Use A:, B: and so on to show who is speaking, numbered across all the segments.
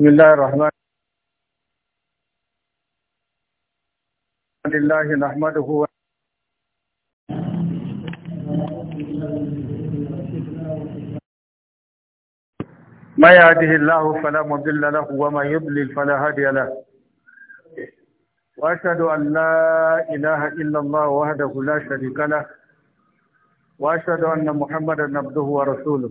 A: بسم الله الرحمن لله نحمده و... ما يهده الله فلا مضل له وما يضلل فلا هادي له واشهد ان لا اله الا الله وحده لا شريك له واشهد ان محمدا عبده ورسوله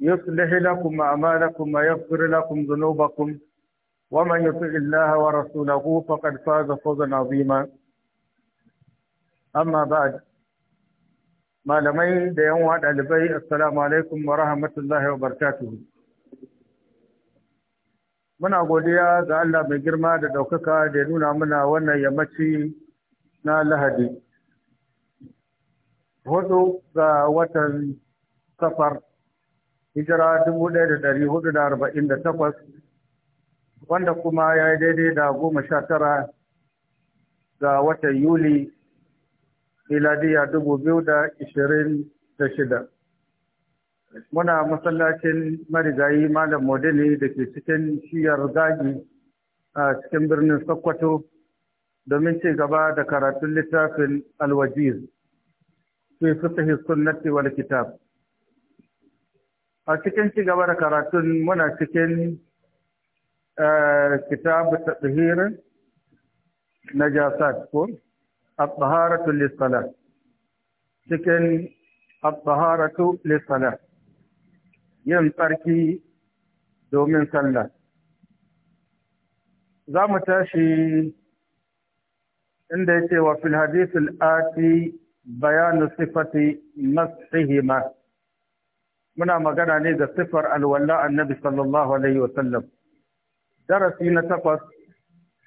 A: يصلح لكم أعمالكم ويغفر لكم ذنوبكم ومن يطع الله ورسوله فقد فاز فوزا عظيما أما بعد malamai da yan wada السلام عليكم ورحمة الله وبركاته muna godiya ga Allah mai girma da ɗaukaka da ya nuna muna wannan yammaci na lahadi hudu ga watan safar hijira dubu ɗaya da ɗari hudu da arba'in da takwas wanda kuma ya yi daidai da goma sha tara ga watan yuli miladiya dubu biyu da ishirin da shida muna masallacin marigayi malam modini da ke cikin shiyar zagi a cikin birnin sokoto domin ci gaba da karatun littafin alwajiz fi fiqh sunnati wal kitab a cikin ci gaba da karatun muna cikin eh, kitabu ta tsihirin na jasad ko al-taharatu lissala cikin al-taharatu lissala yin tsarki domin sallah za mu tashi inda yake wa fil ati bayanu sifati masihima muna magana ne da sifar alwala annabi sallallahu alaihi wasallam darasi na takwas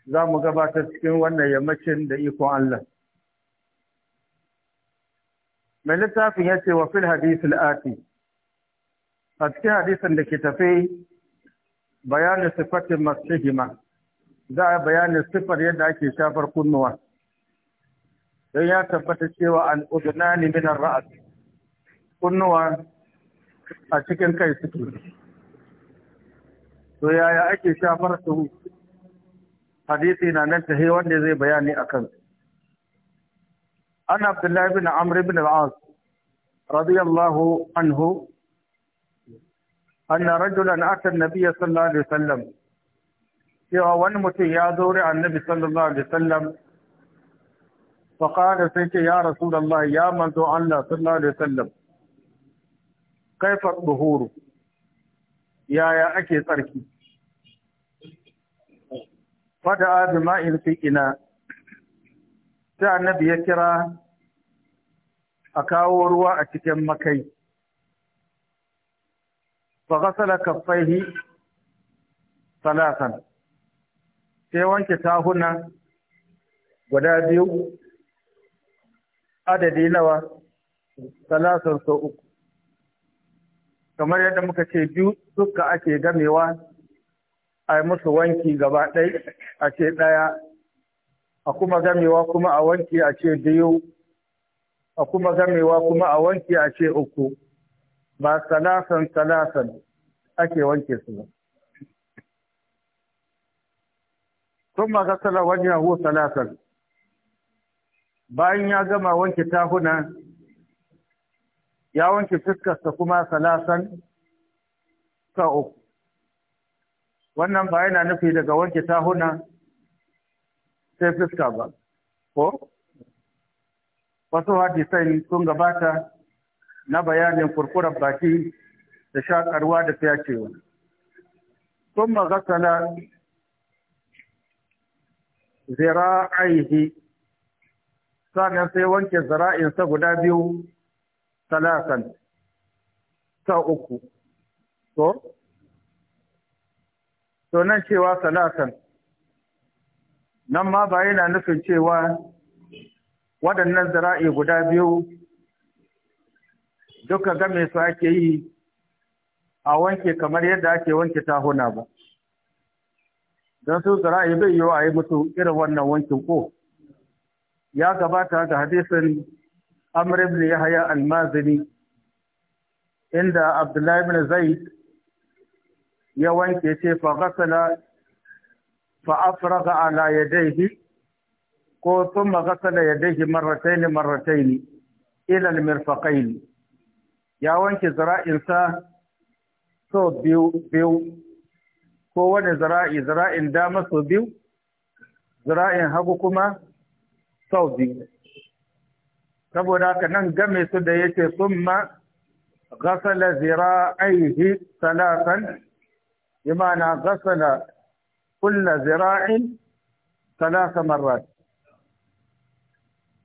A: za mu gabatar cikin wannan yammacin da ikon Allah mai littafin ya ce wa fil hadisul ati a cikin hadisin da ke tafi bayanin sifatin masjihima za a bayanin sifar yadda ake shafar kunnuwa don ya tabbata cewa an udunani minar ra'as kunnuwa a cikin kai suke to yaya ake shafar su hadisi na nan tahe wanda zai bayani a akan an abdullahi bin amr bin al-as radiyallahu anhu anna rajulan ata an-nabiy sallallahu alaihi wasallam cewa wani mutum ya zo ri annabi sallallahu alaihi wasallam فقال سيك يا رسول الله يا من الله صلى الله عليه وسلم Kaifar duhuru yaya ake tsarki fada bi in fi ina sai annabi ya kira a kawo ruwa a cikin makai fa ghasala kaffaihi salasan sai wanke tahuna guda biyu adadi nawa salasan sau uku kamar yadda muka ce biyu duka ake gamewa a yi musu wanki gaba ɗai a ce ɗaya a kuma gamewa kuma a wanki a ce biyu a kuma gamewa kuma a wanki a ce uku ba salasan salasan ake wanke su ba. Sun ma gasala wajen salasan bayan ya gama wanke tahuna ya wanke fuskarsa kuma salasan ta uku wannan ba yana nufi daga wanke tahuna sai fuska ba ko wasu hadisai sun gabata na bayanin kurkurar baki da shakarwa da fyacewa sun magasala zira'aihi sannan sai wanke zara'insa guda biyu salasan ta uku to to nan cewa salasan nan ma ba yana nufin cewa waɗannan zara'i guda biyu duka game su ake yi a wanke kamar yadda ake wanke tahuna ba don su zara'i bai yiwu a yi mutu irin wannan wankin ko ya gabata ga hadisin amr ibn yahya al-mazini inda abdullahi ibn zaid ya wanke ce fa ghasala fa afraga ala yadayhi ko thumma ghasala yadayhi marratayn marratayn ila al-mirfaqayn ya wanke zara'insa so biyu biyu ko wani zara'i zara'in dama so biyu zara'in hagu kuma sau biyu saboda haka nan game su da yace summa ghasala zira'aihi salasan imana ghasala kulla zira'in salasa marrat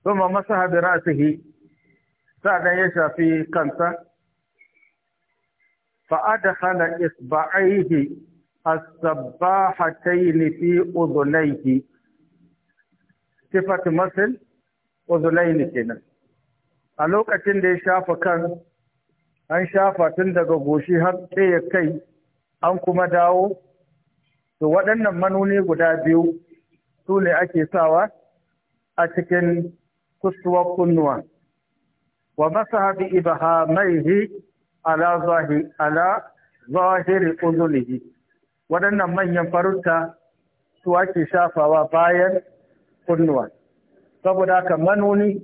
A: thumma masaha bi ra'sihi sa'an ya shafi kansa fa adkhala isba'aihi as-sabbahatayn fi udhunayhi sifatu masl udhunayni kenan a lokacin da ya shafa kan an shafa tun daga goshi har ya kai an kuma dawo to waɗannan manuni guda biyu su ne ake sawa a cikin kusurwar kunnuwa wa masaha bi ibahamaihi ala ala zahiri uzunihi waɗannan manyan farunta su ake shafawa bayan kunnuwa saboda haka manuni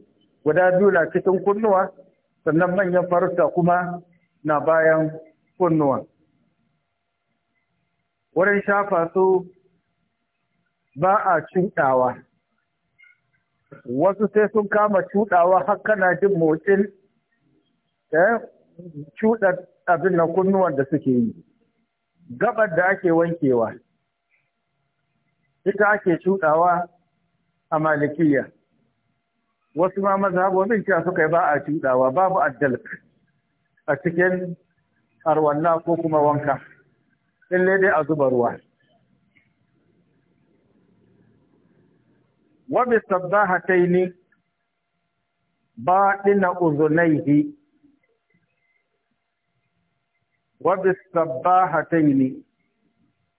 A: guda biyu na cikin kunnuwa sannan manyan farauta kuma na bayan kunnuwa wurin shafa su ba a cuɗawa wasu sai sun kama cuɗawa har kana jin motsin eh, cuɗa abin na kunnuwan da suke yi gabar da ake wankewa ita ake cuɗawa a malikiya wasu ma mazhabobin cewa suka yi ba a cuɗawa babu addalk a cikin arwanna ko kuma wanka in dai a zuba ruwa wa bi ba baɗina uzunaihi wa bi sabbahataini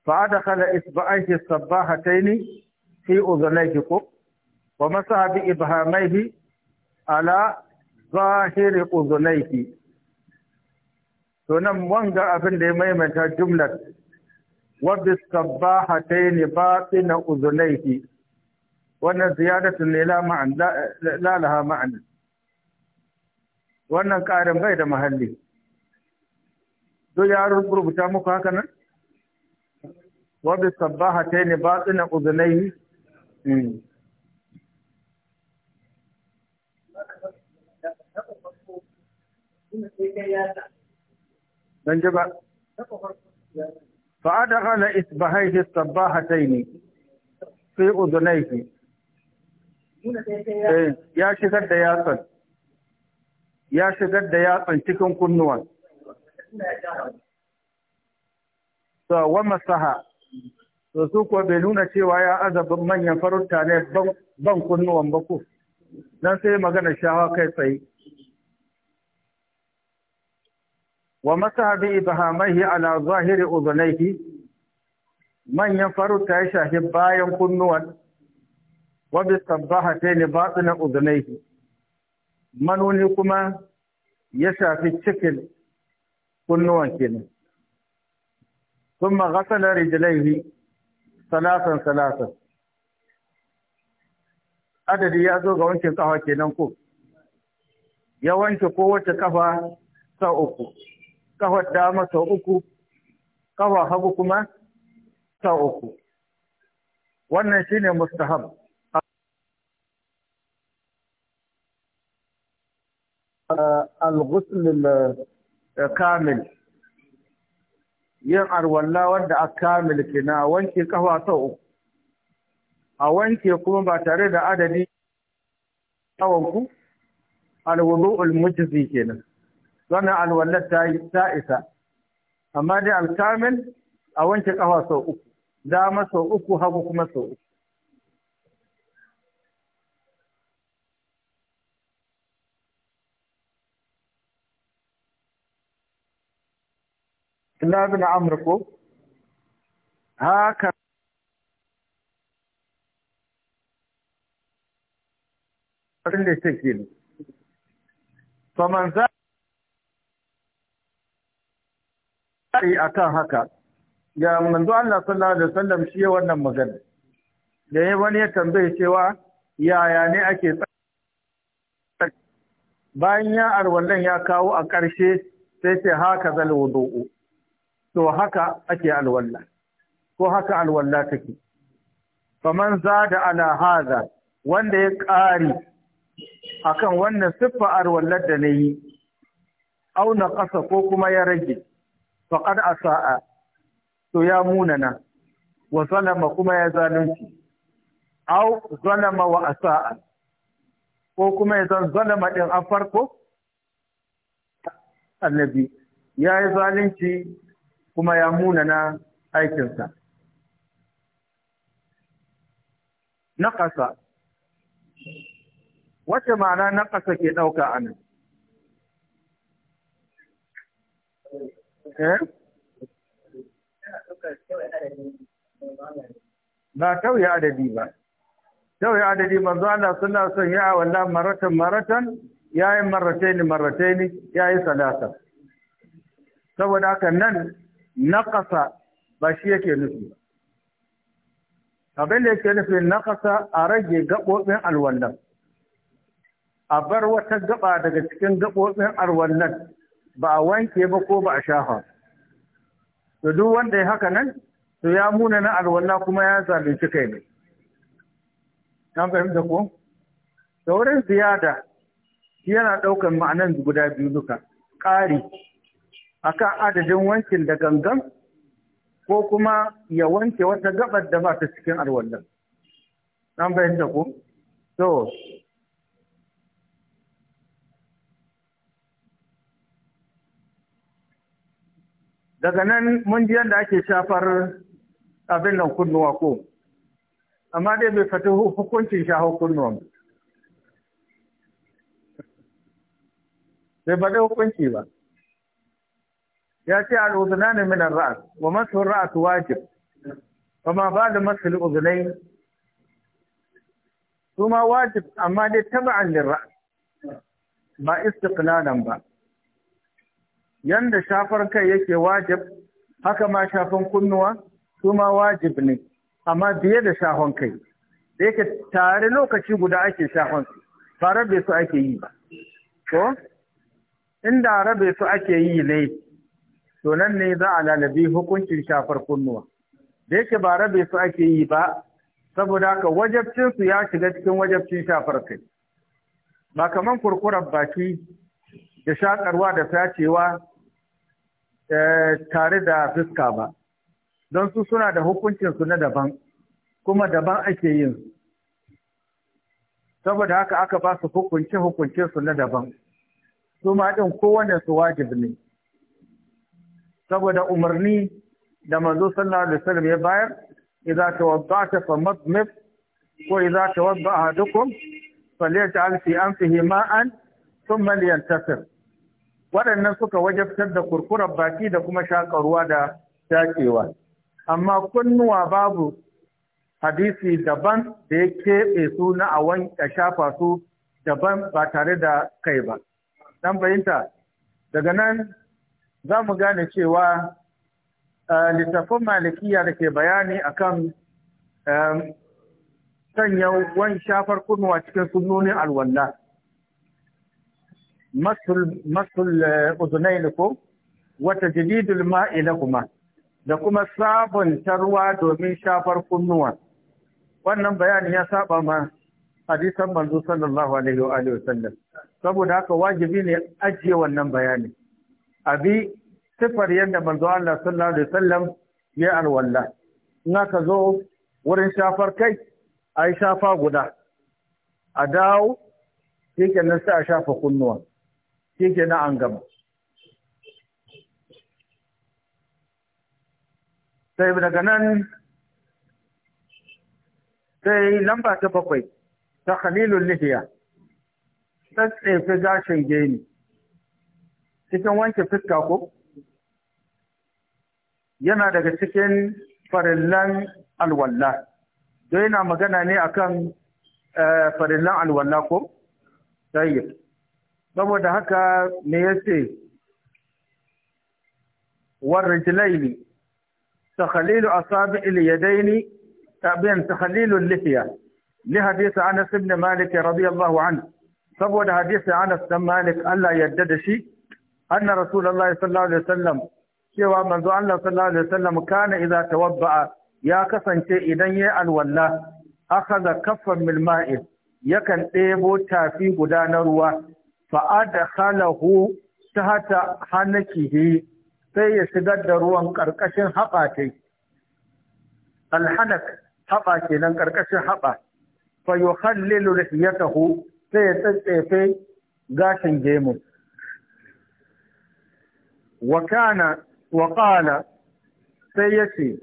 A: fa adkhala isba'aihi sabbahataini fi uzunaihi ko wa masaha bi ibhamaihi ala zahiri uzunaihi to nan wanga abin da ya maimaita jumlar wa bisabbahatayn batina uzunaihi wannan ziyadatu ne la ma'an wannan ƙarin bai da mahalli duk ya rubuta muku haka nan wa bisabbahatayn batina uzunaihi hmm. ban ji ba fa adkhala isbahayhi sabahatayn fi udunayhi eh, ya shigar da yatsan ya shigar da yatsan cikin kunnuwan so wa masaha to su kuwa bai nuna cewa ya azabin manyan farauta ne ban kunnuwan ba ko dan sai magana shawa kai tsaye wa masaha bi ibhamaihi ala zahiri udhunayhi manyan farutta ya shafi bayan kunnuwan wa bi sabbahatayn batina udhunayhi manoni kuma ya shafi cikin kunnuwan kenan ثم غسل رجليه ثلاثا ثلاثا adadi ya zo ga wankin kafa kenan ko ya wanke kowace kafa sau uku kafar dama sau uku kafa hagu kuma sau uku wannan shi ne mustahab al ghuslil kamil yin arwalla wanda a kamil na wanke kafa sau uku a wanke kuma ba tare da adadi yawanku alwudu mujizi kenan wannan alwallar ta yi isa amma dai alkamil a wanke kafa sau uku dama sau uku hagu kuma sau uku Allah bin Amr ko haka da take ne. Faman za ra'ayi kan haka ga manzo Allah sallallahu alaihi wasallam shi wannan magana da ya wani ya tambaye cewa yaya ne ake bayan ya arwallan ya kawo a ƙarshe sai ce haka zal wudu'u to haka ake alwalla ko haka alwalla take faman zada ala hadha wanda ya ƙari akan wannan siffa arwallar da na yi. auna ƙasa ko kuma ya rage faqad asaa to ya munana wa zalama kuma ya zalunci au zalama wa asaa ko kuma ya zan zalama din a farko annabi ya yi zalunci kuma ya munana aikinsa naƙasa wace ma'ana naƙasa ke ɗauka a nan Eh? ba kawai adadi ba kawai adadi ba zuwa suna son ya walla maratan maratan yi marataini marataini yi salata saboda haka nan ƙasa ba shi yake nufi ba abin da yake nufi ƙasa a rage gaɓoɓin alwallan a bar wata gaba daga cikin gaɓoɓin alwallan ba a wanke ba ko ba a shafa to duk wanda ya haka nan to ya muna na alwala kuma ya zalunci kai ne an fahimta ko da wurin ziyada yana ɗaukar ma'anan guda biyu duka ƙari akan adadin wankin da gangan ko kuma ya wanke wata gabar da ba ta cikin alwallan an fahimta ko to daga nan mun ji yadda ake shafar abin nan kunnuwa ko amma dai bai fata hukuncin shaho kunnuwan bai bada hukunci ba ya ce al'uzuna ne minan ra'as wa masu ra'as wajib ba ma ba da masu al'uzunai su ma wajib amma dai taba'an lirra ba istiqlalan ba yanda shafar kai yake wajib haka ma shafan kunnuwa su ma wajib ne amma biye da shafan kai da yake tare lokaci guda ake shafan su ba rabe su ake yi ba to inda rabe su ake yi ne to nan ne za a lalabi hukuncin shafar kunnuwa da yake ba rabe su ake yi ba saboda haka wajabcin su ya shiga cikin wajabcin shafar kai ba kaman kurkurar baki da shakarwa da tacewa eh, tare da fuska ba don su suna da hukuncinsu na daban kuma daban ake yin su saboda haka aka ba su hukunce hukuncinsu na daban su ma ɗin kowane su wajib ne saboda umarni da manzo sallallahu alaihi wasallam ya bayar idza tawadda'ta famadmid ko idza tawadda'a ahadukum falyaj'al fi anfihi ma'an thumma liyantasir waɗannan suka wajabtar da kurkurar baki da kuma ruwa da shakewa amma kunnuwa babu hadisi daban da ya keɓe su na a wanke shafa su daban ba tare da kai ba dan bayinta daga nan za mu gane cewa littafin malikiya da ke bayani akan um, sanya wani shafar kunnuwa cikin sunnonin alwalla masul udunai ko wata jadidul ma'i kuma da kuma sabunta ruwa domin shafar kunnuwa wannan bayanin ya saba ma hadisan manzo sallallahu alaihi wa alihi wasallam saboda haka wajibi ne ajiye wannan bayani abi sifar yadda manzo Allah sallallahu alaihi wasallam ya alwala in aka zo wurin shafar kai ai shafa guda a dawo shi kenan sai a shafa kunnuwa shi ke na an gama sai daga nan sai lamba ta bakwai ta khalilun lihiya tsatsefe gashin geni cikin wanke fuska ko yana daga cikin farillan alwalla, don yana magana ne akan eh, farillan alwalla ko Sai. saboda haka me ya ce a warijilaini takhalilu asabi'il yadaini tabi'an takhalilu lihiya ni hadisi anas ibn malik radiyallahu anhu saboda hadisi anas ibn malik Allah ya yadda da shi anna rasulullahi sallallahu alaihi Sallam cewa manzo Allah sallallahu alaihi wasallam kana idza tawabba'a ya kasance idan ya yi alwalla a kaffan min milma'in, yakan ɗebo tafi guda na ruwa fa'adakhalahu tahta hanakihi sai ya shigar da ruwan ƙarƙashin haɓa yi. alhanak haɓa nan ƙarƙashin haɓa fa ya lihiyatahu sai ya tsatsefe gashin gemu wa Wakana sai ya ce, yace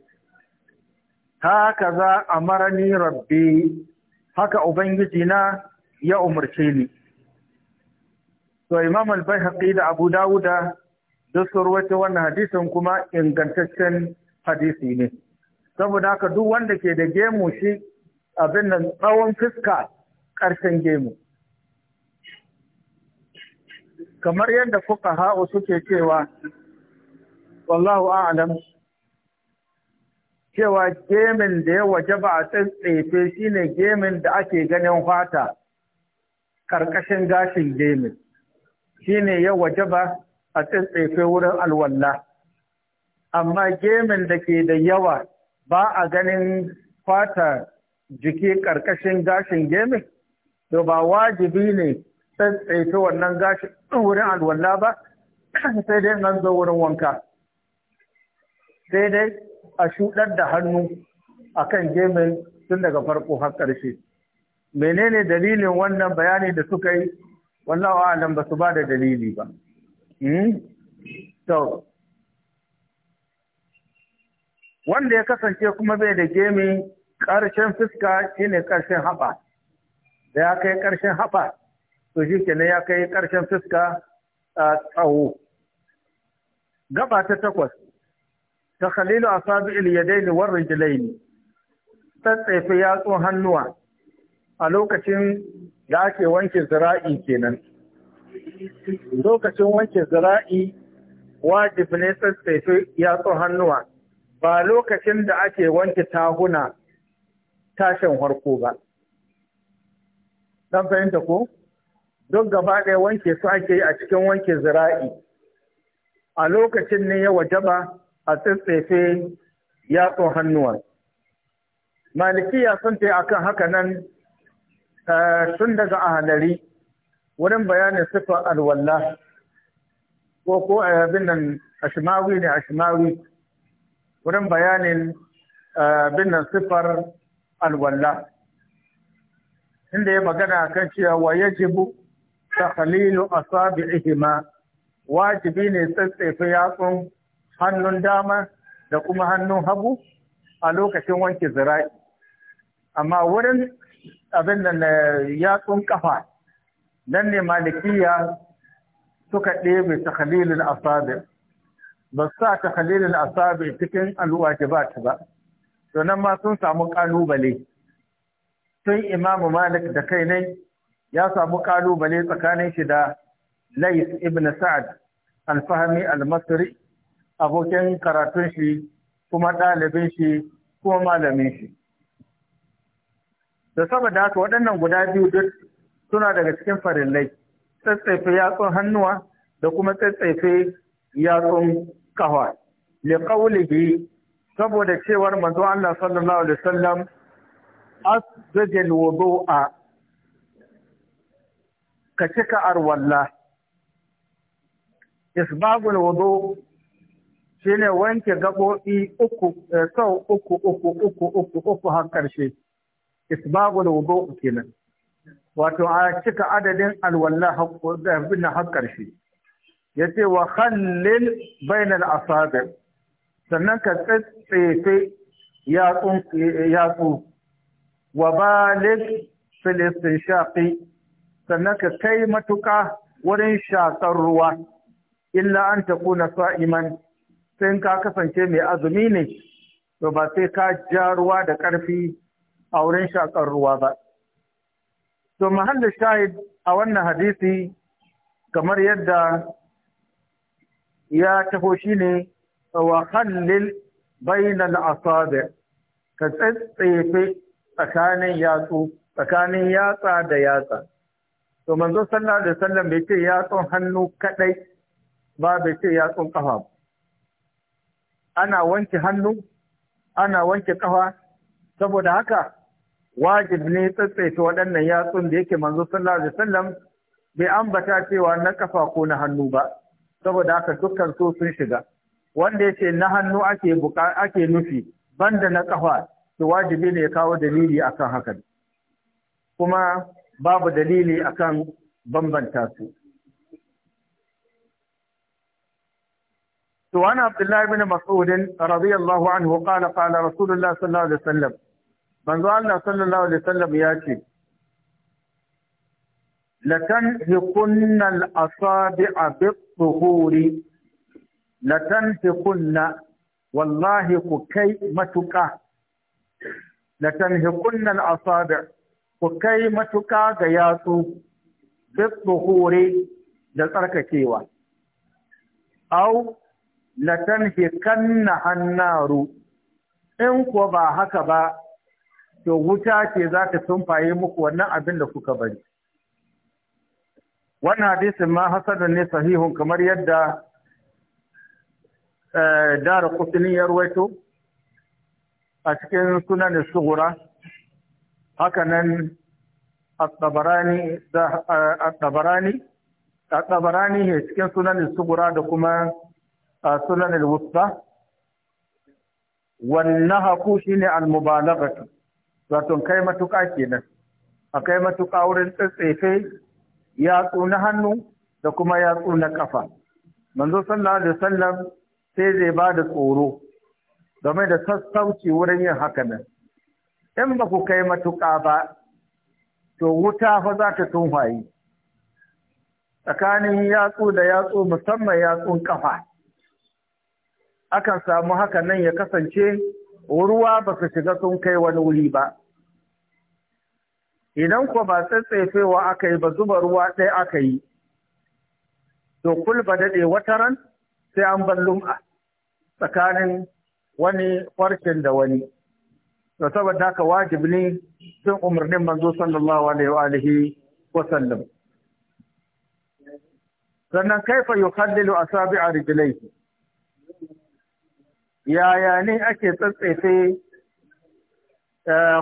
A: haka za a marani rabbi haka ubangiji na ya umarce ni to imam al-baihaqi da abu dawuda duk sun rawaito wannan hadisin kuma ingantaccen hadisi ne saboda haka duk wanda ke da gemu shi abin nan tsawon fuska ƙarshen gemu kamar yadda fuka ha'u suke cewa wallahu a'lam cewa gemin da ya waje ba a tsintsefe shine gemin da ake ganin fata ƙarƙashin gashin gemin Shi ne ya wajaba a tsintsefe wurin alwalla amma gemin da ke da yawa ba a ganin fata jiki ƙarƙashin gashin gemin to ba wajibi ne tsaitsaye wannan gashin wurin alwalla ba sai dai nan zo wurin wanka sai dai a shuɗar da hannu a kan gemin tun daga farko har ƙarshe menene dalilin wannan bayani da suka yi wallahu a'lam ba su ba da dalili ba hmm? to wanda ya kasance kuma bai da gemi ƙarshen fuska shine ƙarshen haɓa da ya kai ƙarshen haɓa to shi ke ya kai ƙarshen fuska a tsawo gaba ta takwas ta khalilu asabi'il yadaini war rijlaini tsatsaife yatsun hannuwa a lokacin da ake wanke zira'i kenan lokacin wanke zira'i wajib ne ya yatsu hannuwa ba lokacin da ake wanke tahuna tashin harko ba Don fahimta ko duk gaba ɗaya wanke su ake yi a cikin wanke zira'i a lokacin ne ya wajaba a tsitsefe yatsun hannuwa malikiya sun ta akan haka nan Eh, tun daga ahalari wurin bayanin sifar alwalla ko ko eh, abin nan ashimawi ne ashimawi wurin bayanin eh, abin nan sifar alwalla inda ya magana kan cewa wa a takhlilu ihima, wajibi ne tsatsefe yatsun hannun dama da kuma hannun hagu a lokacin wanke zira'i amma wurin abin da na eh, yatsun kafa nan ne malikiya suka ɗebe ta khalilin asabi ba sa ta khalilin asabi cikin alwajibat ba to nan ma sun samu ƙalubale. tun imamu malik da kai ne ya samu ƙalubale tsakanin shi da lais ibn sa'ad alfahmi al abokin karatun shi kuma ɗalibin shi kuma malamin shi da saboda haka waɗannan guda biyu duk suna daga cikin farillai tsatsaife yatsun hannuwa da kuma tsatsaife yatsun kawa li qawlihi saboda cewar manzo Allah sallallahu alaihi wasallam asjadal wudu'a ka cika arwalla isbagul wudu shine wanke gabobi uku eh, sau uku uku uku uku uku har karshe da wudu kenan wato a cika adadin alwala bin har ƙarshe ya ce wa khallil bainal asabi sannan ka tsetse yatsu wa balik fil istinshaqi sannan ka kai matuƙa wurin shakar ruwa illa an takuna sa'iman sai ka kasance mai azumi ne to ba sai ka ja ruwa da ƙarfi a wurin shakar ruwa ba. To mahallin shahid a wannan hadisi kamar yadda ya taho shi ne wa hallil bainal asabi ka tsatsefe tsakanin yatsu tsakanin yatsa da yatsa. To manzo sallallahu alaihi wasallam bai ce yatsun hannu kadai ba bai ce yatsun kafa Ana wanke hannu ana wanke kafa saboda haka wajib ne tsatsaita waɗannan yatsun da yake manzo sallallahu alaihi wasallam bai ambata cewa na kafa ko na hannu ba saboda haka dukkan su sun shiga wanda yace na hannu ake buka ake nufi banda na kafa to wajibi ne ya kawo dalili akan hakan kuma babu dalili akan bambanta su وعن عبد الله بن مسعود رضي الله عنه قال قال رسول الله صلى manzo Allah sallallahu alaihi wasallam ya ce latan hikunna al-asabi'a bi-tuhuri latan hikunna wallahi ku kai matuka. latan hikunna al-asabi' ku kai matuka ga yatsu bi-tuhuri da tsarkakewa au latan hikanna hannaru in kuwa ba haka ba to wuta ce za ta tumfaye muku wannan abin da kuka bari wannan hadisin ma hasadan ne sahihun kamar yadda eh, dara kusurin ya ruwaito a cikin sunan sugura hakanan at da eh, ne cikin sunan sugura da kuma eh, sunan wusta wannan haku shine al-mubalaghah zaton kai matuƙa kenan akai matuƙa wurin tsatsefe yatsu na hannu da kuma yatsu na ƙafa manzo sallallahu alaihi wasallam sai zai ba da tsoro game da sassauci wurin yin haka nan in ba ku kai matuƙa ba to wuta fa za ta tunfayi tsakanin yatsu da yatsu musamman yatsun ƙafa akan samu haka nan ya kasance ruwa ba su shiga sun kai wani wuri ba idan ku ba tsatsefewa aka yi ba zuba ruwa ɗaya aka yi to kulba daɗe wata ran sai an ban lum'a tsakanin wani farkin da wani da saboda haka wajibi ne sun umarnin manzo sallallahu alaihi wa alihi wa sallam sannan kaifa yuhallilu asabi'a rijlaihi yaya ne ake tsatsaita eh,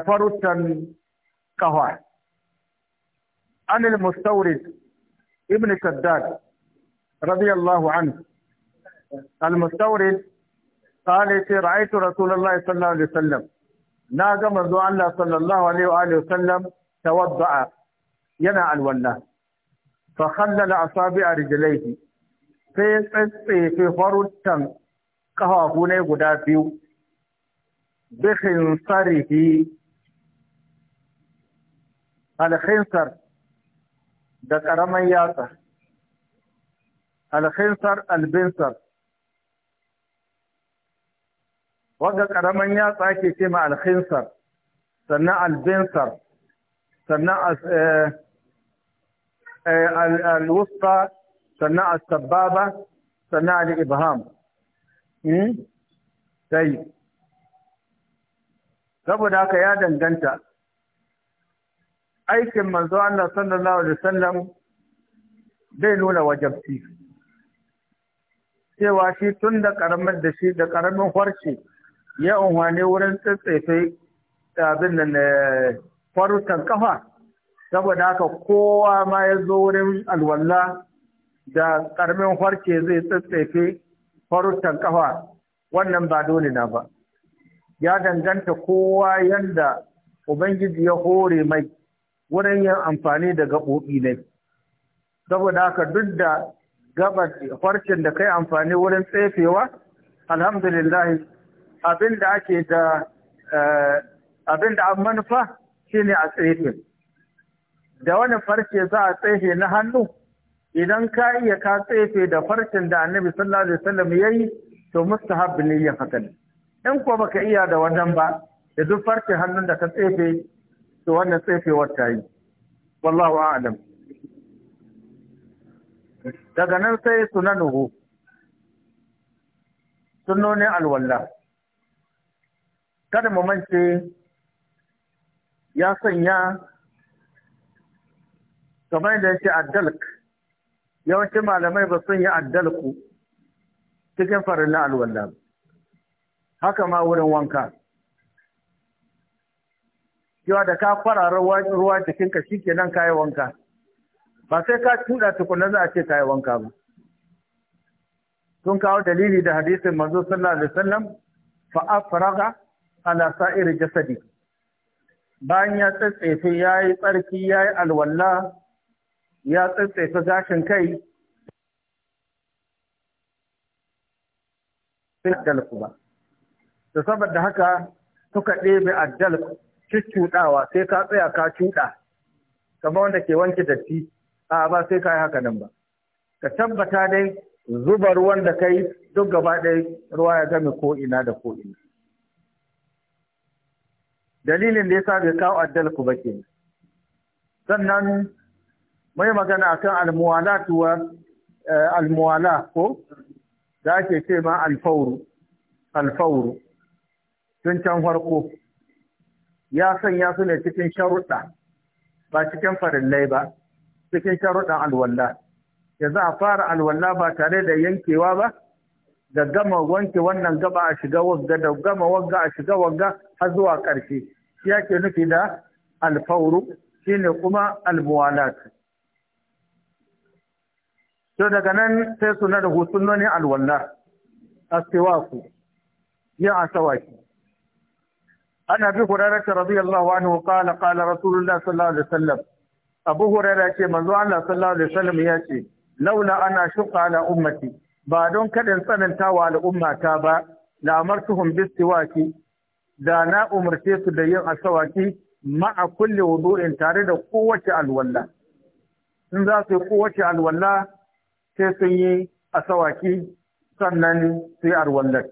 A: farutan ƙafa? Anil Mustaurid Ibn Shaddad, radiyallahu an, Al-Mustaurid, ƙale ce ra'aitu Rasulullah sallallahu alaihi wasallam, na gama zuwa Allah sallallahu alaihi wasallam ta wadda'a yana alwanna. Fa khallala asabi a rijilaihi, sai tsatsaita farutan kafafu ne guda biyu bihin sarihi alhinsar da ƙaramin yatsa alhinsar albinsar wadda ƙaramin yatsa ke ce ma alhinsar sannan albinsar sannan eh, eh, alwusta sannan asababa sannan al'ibham Hmm? sai saboda haka ya danganta aikin manzo Allah sallallahu alaihi wasallam zai nuna wajabci cewa shi tun da karamar da shi da karamin farce ya unwane wurin tsaitsaife abin da eh, farutan kafa saboda haka kowa ma ya zo wurin alwala da karamin farce zai tsaitsaife farutan kafa wannan ba dole na ba ya danganta kowa yanda ubangiji ya hore mai wurin yin amfani da gaɓoɓi ne saboda haka duk da gabar farcen da kai amfani wurin tsefewa alhamdulillah abin da ake da eh, abin da an manufa shine a tsefe da wani farce za a tsefe na hannu idan ka iya ka tsefe da farcin da annabi sallallahu alaihi wasallam yayi to mustahab ne yin hakan in ko baka iya da wannan ba da duk farcin hannun da ka tsefe to wannan tsefewar ta yi wallahu a'lam daga nan sai sunanuhu sunnonin alwallah kada mu mance ya sanya kamar da yake addalka yawancin malamai ba sun yi addalku cikin farin alwala haka ma wurin wanka cewa da ka fara ruwa ka shi kenan kayi wanka ba sai ka tuɗa tukunan za a ce kayi wanka ba sun kawo dalili da hadisin manzo sallallahu alaihi wasallam fa afraga ala sa'ir jasadi bayan ya tsatsefe yayi tsarki yayi alwala ya tsatsefa gashin kai addalku ba da saboda haka suka ɗebe adalci cuccuɗawa sai ka tsaya ka cuɗa kamar wanda ke wanke datti a ba sai ka yi haka nan ba ka tabbata dai zuba ruwan da kai duk gaba ɗaya ruwa ya game ko ina da ko ina dalilin da ya sa bai kawo addalku ba ke sannan mai magana akan almuwala eh, almuwala ko da ake ce ma alfauru alfauru tun can farko ya sanya su ne cikin sharuɗa ba cikin farillai ba cikin sharuɗan alwallah ya za a fara alwallah ba tare da yankewa ba da gama wanke wannan gaba a shiga wagga da gama wagga a shiga wagga har zuwa ƙarshe shi yake nufi da alfauru shine kuma almuwalatu to daga nan sai su na rubu sunnonin alwallah asiwaku yin asawaki ana bi Allah wani anhu kala, kala rasulullah sallallahu alaihi wasallam abu hurara ce manzo Allah sallallahu alaihi wasallam ya ce laula ana shuka ala ummati ba don kadin tsananta wa al'ummata ba la amartuhum bistiwaki da na umarce su da yin asawaki ma'a kulli wudu'in tare da kowace alwalla in za su yi kowace alwalla sai sun yi a asawaki sannan su yi alwallar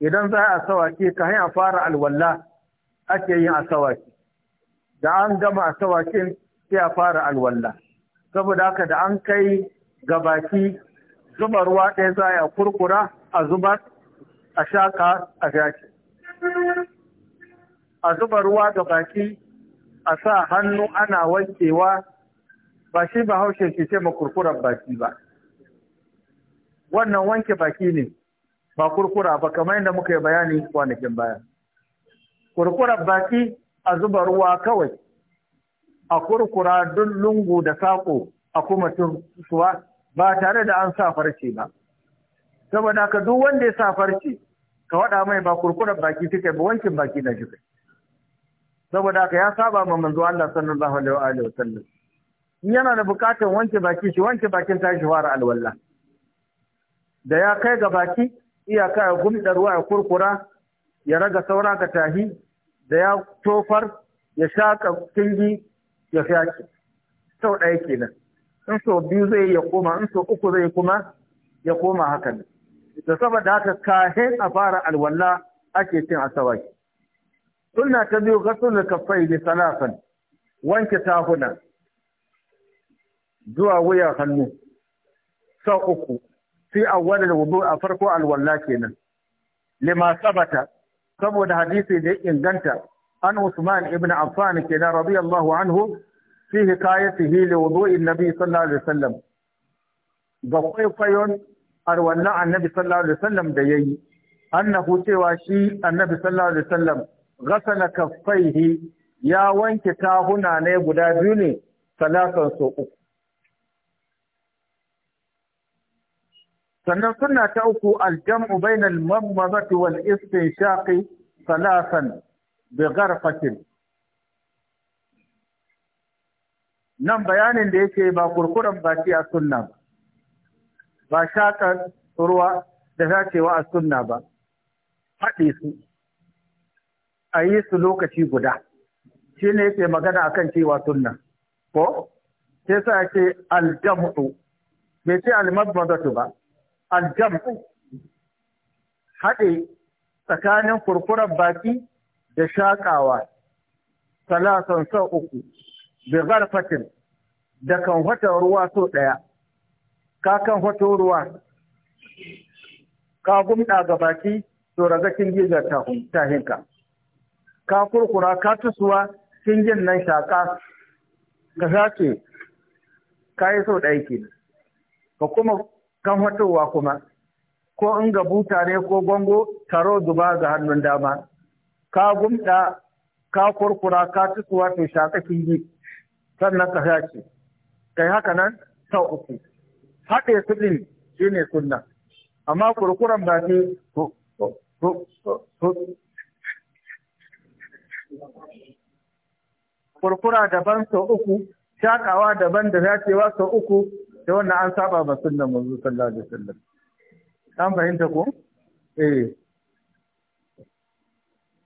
A: idan za a sawaki ka hanyar fara alwalla ake yin sawaki. da an gama a asawakin sai a fara alwalla saboda haka da an kai gabaki zuba ruwa ɗaya za a kurkura a zubar a shaka a shaƙi a zuba ruwa ga baki a sa hannu ana wankewa ba shi ba haushe shi ce makurkurar baki ba wannan wanke baki ne ba kurkura ba kamar yadda muka yi bayani kwanakin baya kurkurar baki a zuba ruwa kawai a kurkura duk lungu da saƙo a kuma tuwa ba tare da an sa farce ba saboda ka duk wanda ya sa farce ka waɗa mai ba kurkurar baki kike ba wankin baki na kike saboda ka ya saba ma manzo Allah sallallahu alaihi wa yana da bukatar wanke baki shi wanke bakin ta shi fara alwala da ya kai ga baki iyaka ya gumɗa ruwa ya kurkura ya raga saura ga tahi da ya tofar ya shaƙa kingi ya fyaci sau ɗaya kenan in so biyu zai ya koma in so uku zai kuma ya koma haka ne da saboda haka kahin a fara alwala ake cin asawaki sunna ta biyu gasul ka bi salafan wanke tahuna zuwa wuya hannu sau uku fi awwalil wudu a farko alwala kenan lima sabata saboda hadisi da inganta an Usman ibn Affan kenan radiyallahu anhu fi hikayatihi li wudu'in nabi sallallahu alaihi wasallam ga kwaikwayon arwalla annabi sallallahu alaihi wasallam da yayi annahu cewa shi annabi sallallahu alaihi wasallam ghasala kaffaihi ya wanke tahuna ne guda biyu ne salatan so uku sannan suna ta uku aljam'u bainal mammazati wal istinshaqi salasan bi gharfatin nan bayanin da yake ba kurkuren baki a sunna ba shakar ruwa da zacewa a sunna ba haɗe su a yi su lokaci guda shi ne yake magana akan cewa sunna ko sai sa ce aljam'u bai ce ba Aljam haɗe tsakanin kurkurar baki da shaƙawa talatan sau uku bi garfatin da kan wata ruwa so ɗaya ka kan wata ruwa ka gumɗa ga baki to raga kingizar tahinka ka kurkura ka tusuwa kingin nan shaƙa ka sace ka yi so ɗaya ke ka kuma kan hatowa kuma ko in ga buta ne ko gongo taro zuba ga hannun dama ka gumda ka kurkura ka tukuwa to shaka kingi sannan ka shace kai haka nan sau uku haɗe su ɗin shi ne sunna amma kurkuran ba ce kurkura daban sau uku shaƙawa daban da shacewa sau uku ta wannan an saba ba sunnan manzo sallallahu alaihi wasallam an fahimta ko eh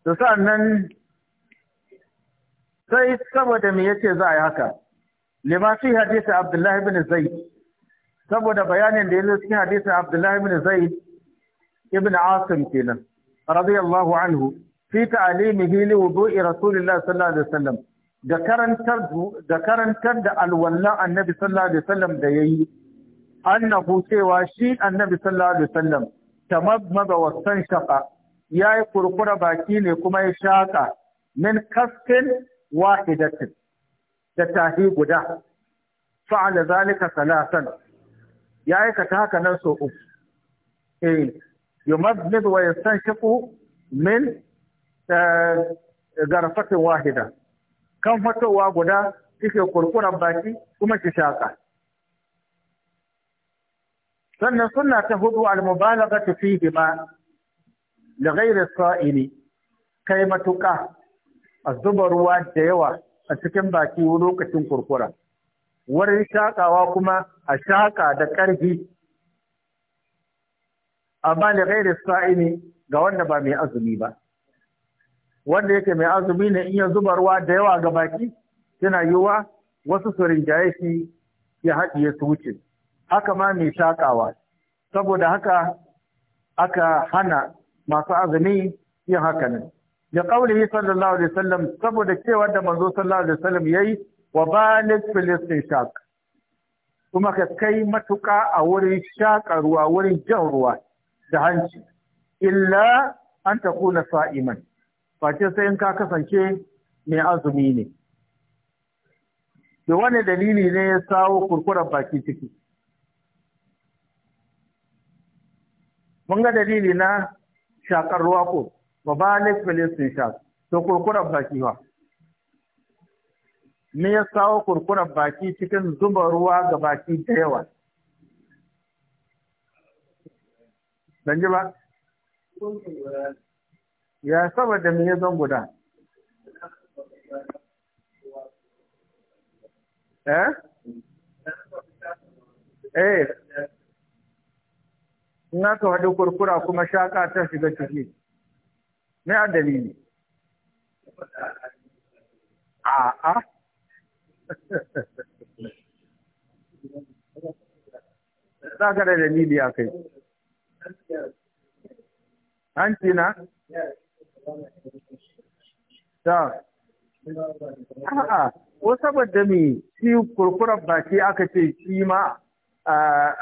A: to nan sai saboda me yace za a yi haka lima fi hadisi abdullahi bin zaid saboda bayanin da yake cikin hadisin abdullahi bin zaid ibn asim kenan radiyallahu anhu fi ta'limihi li wudu'i rasulillahi sallallahu alaihi wasallam da karantar da karantar da alwallan annabi sallallahu alaihi wasallam da yayi annahu cewa shi annabi sallallahu alaihi wasallam tamammada wasan ya yayi kurkura baki ne kuma ya shaka min kaskin wahidatin da tahi guda fa'ala zalika salasan ya ka haka nan so uku eh yumadmid wa shaku min eh, garfatin wahida kan fatowa guda suke kurkuran baki kuma ki shaƙa. Sannan suna ta hudu al-mubalaghatu fi ma da ghairi sa'ili kai matuƙa a zuba ruwa da yawa a cikin baki lokacin kurkura. Wurin shaƙawa kuma a shaƙa da ƙarfi amma da ghairi sa'ili ga wanda ba mai azumi ba. wanda yake mai azumi ne in ya zuba ruwa da yawa ga baki yana yiwuwa wasu su rinjaye shi ya haɗiye su wuce haka ma mai shaƙawa. saboda haka aka hana masu azumi yin haka ne da yi sallallahu alaihi wasallam saboda cewa da manzo sallallahu alaihi wasallam yi wa ni filistin shak, kuma ka kai matuƙa a wurin shaƙa ruwa wurin jan ruwa da hanci illa an na sa'iman face sai in ka kasance mai azumi ne. Da wani dalili ne ya sawo kurkuren baki ciki. Mun ga dalili na shakar ruwa ko, babalik sun sha to kurkuren baki ba. Me ya sawo kurkuren baki cikin zuba ruwa ga baki da yawa. Ban ji ba? ya saboda me ya zan guda eh eh na to hadu kurkura kuma shaka ta shiga ciki me a dalili a'a za ka da dalili a kai hanci na ta a'a ko saboda me shi kurkurar baki aka ce shi ma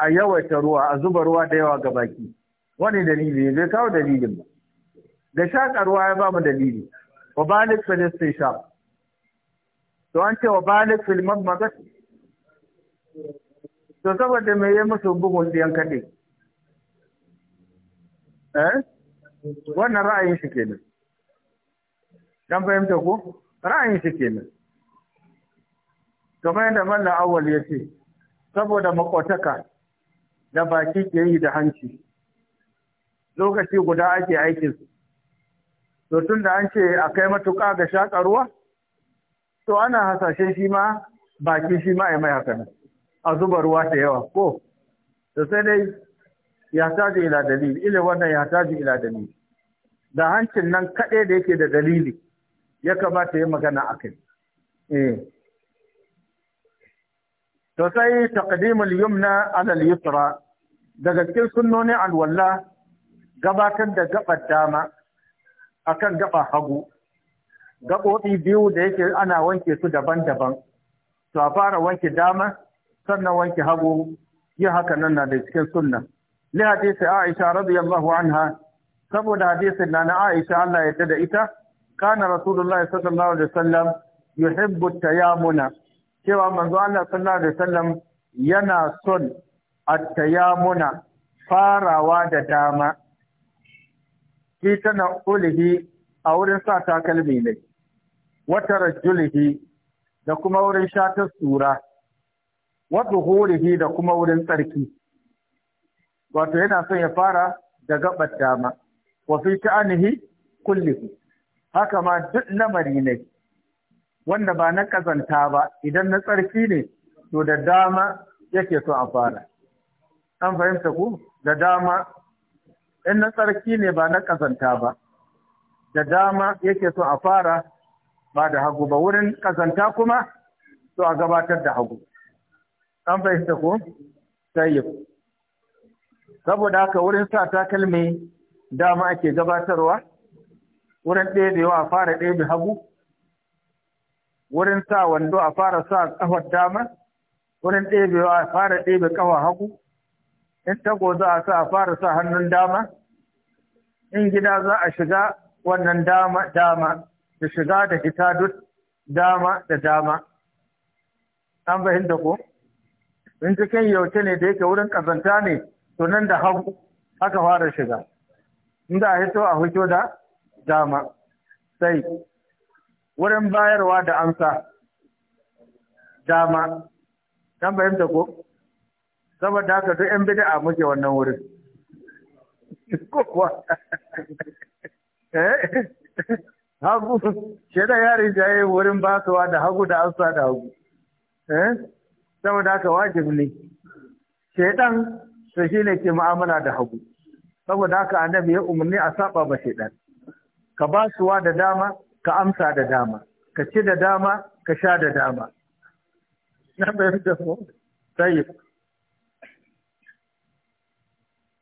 A: a yawaita ruwa a zuba ruwa da yawa ga baki wani dalili zai kawo dalilin ba da shaƙa ruwa ya ba mu dalili wa balik filistin sha to an ce wa balik filman magas to saboda me ya musu bugun ɗiyan kaɗe eh wannan ra'ayin shi kenan dan fahimta ko ra'ayin shi kenan kamar yadda mallan awwal ya ce saboda makotaka da baki ke yi da hanci lokaci guda ake aikin su to tun da an ce a kai matuƙa ga shakarwa, to ana hasashen shi ma baki shi ma ya mai haka nan a zuba ruwa da yawa ko to sai dai ya taji ila dalili ile wannan ya taji ila dalili da hancin nan kaɗai da yake da dalili ya kamata ya magana a kai. Eh. To sai taqdimul yumna alal yusra daga cikin sunnoni alwalla gabatar da gabar dama akan gaba hagu. Gaɓoɓi biyu da yake ana wanke su daban-daban. To a fara wanke dama sannan wanke hagu yin haka nan na da cikin sunna. Li hadisi Aisha radiyallahu anha saboda hadisin na na Aisha Allah ya da ita kana rasulullahi sallallahu alaihi wasallam yuhibbu tayamuna cewa manzo Allah sallallahu alaihi wasallam yana son at-tayamuna farawa da dama shi tana ulihi a wurin sa takalmi ne wata rajulihi da kuma wurin shatar sura. wata hurihi da kuma wurin tsarki wato yana son ya fara da gabar dama wa fi ta'anihi kullihi haka ma duk lamari ne wanda ba na kazanta ba idan na tsarki ne to da dama yake so a fara an fahimta ku da dama in na tsarki ne ba na kazanta ba da dama yake so a fara ba da hagu ba wurin kazanta kuma to a gabatar da hagu an fahimta ku sai saboda haka wurin sa takalmi dama ake gabatarwa wurin ɗebewa a fara ɗebe hagu wurin sa wando a fara sa ƙafar dama wurin ɗebewa a fara ɗebe ƙafa hagu in tago za a sa a fara sa hannun dama in gida za a shiga wannan dama dama da shiga da fita duk dama da dama an fahimta ko in cikin yauce ne da yake wurin ƙazanta ne to nan da hagu aka fara shiga in da a hito a hito da dama sai wurin bayarwa da amsa dama kan fahimta ko saboda haka duk yan bid'a muke wannan wurin ko eh hagu sheda yari jaye wurin basuwa da hagu da amsa da hagu eh saboda haka wajibi ne shedan shi ne ke mu'amala da hagu saboda haka annabi ya umarni a saba ba shedan ka ba suwa da dama ka amsa da dama ka ci da dama ka sha da dama na bayar da su sai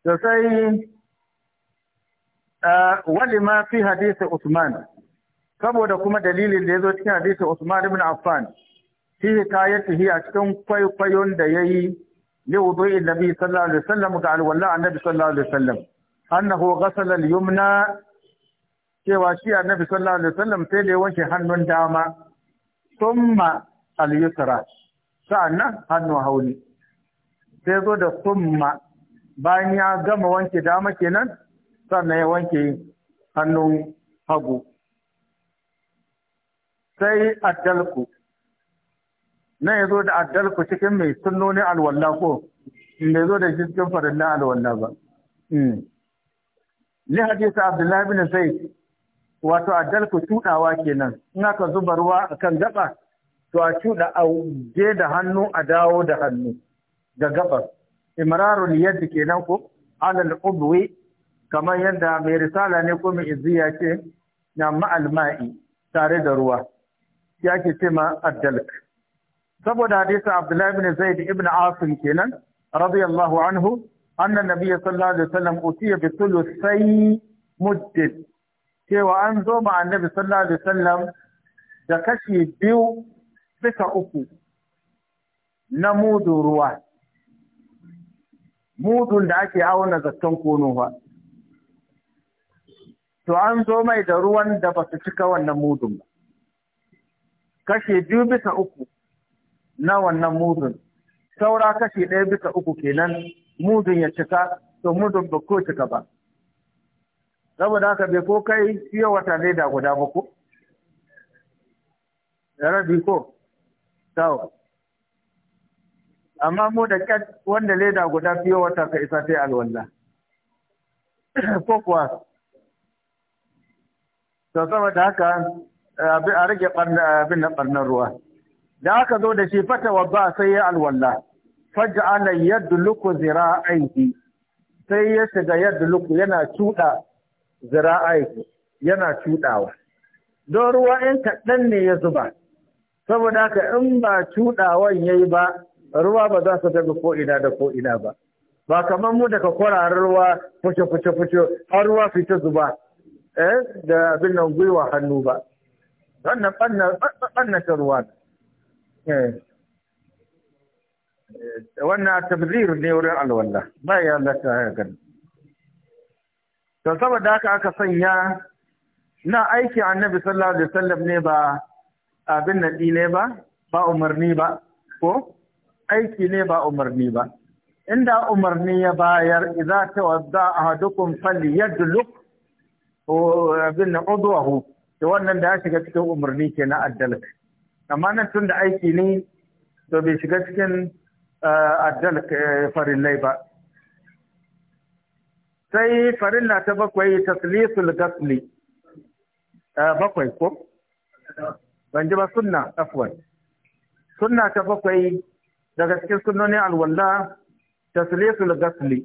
A: da sai wani ma fi hadisi Usman saboda kuma dalilin da ya zo cikin hadisi Usman ibn Affan fi kayatihi a cikin kwaikwayon da ya yayi li wudu'i Nabi sallallahu alaihi wasallam ga alwala Annabi sallallahu alaihi wasallam annahu ghasala al-yumna cewa shi annabi sallallahu alaihi wasallam sai da ya wanke hannun dama summa al-yusra sa'annan hannun hauni sai zo da summa bayan ya gama wanke dama kenan sannan ya wanke hannun hagu sai addalku na ya zo da addalku cikin mai sunnoni alwallah ko bai zo da shi cikin na alwallah ba. Hmm. Ni hadisa Abdullahi bin Zaid wato addalku cuɗawa kenan in aka zuba ruwa akan gaba to a cuɗa a je da hannu a dawo da hannu ga gabar imrarul yadda kenan ko alal kamar yadda mai risala ne ko mai izziya ce na ma'al ma'i tare da ruwa ya ke ce ma addalk saboda hadisi abdullahi ibn zaid ibn asim kenan radiyallahu anhu anna nabiyya sallallahu alaihi wasallam utiya bi thuluthi muddin cewa an zo ma annabi sallallahu alaihi wasallam da kashi biyu bisa uku na mudu ruwa mudun da ake auna zaton konowa to an zo mai da ruwan da ba su cika wannan mudun ba kashi biyu bisa uku na wannan mudun saura kashi ɗaya bisa uku kenan mudun ya cika to mudun ba ko cika ba saboda haka bai ko kai fiye wata leda guda ba ko Yara rabi ko tawo amma mu da ƙyar wanda leda guda fiye wata ka isa ta alwanda. ko kuwa to saboda haka eh, a rage abin na ɓarnar ruwa da aka zo da shi fata wabba sai ya alwala zira a aiki. sai ya shiga yadda luku yana cuɗa zira'a yana cuɗawa. Don ruwa ‘yan kaɗan ne ya zuba, saboda haka in ba cuɗawan ya yi ba, ruwa ba za su daga ko'ina da ko'ina ba. Ba kamar mu daga kwararar ruwa fuce fuce fuce har ruwa fita zuba, eh da abin nan gwiwa hannu ba. Wannan ɓannata ruwa. Eh. Eh, wannan tabzir ne wurin alwallah, ba ya halatta ya gani. to saboda haka aka sanya na aiki annabi sallallahu alaihi wasallam ne ba abin nadi ne ba ba umarni ba ko aiki ne ba umarni ba inda umarni ya bayar idza tawadda ahadukum falyadluk abin udwahu to wannan da ya shiga cikin umarni ke na addalk amma nan tun da aiki ne to bai shiga cikin farin eh, eh, farillai ba sai farilla ta bakwai taslisul gasli eh, bakwai ko ban ji ba sunna afwan sunna ta bakwai daga cikin sunnonin alwala taslisul gasli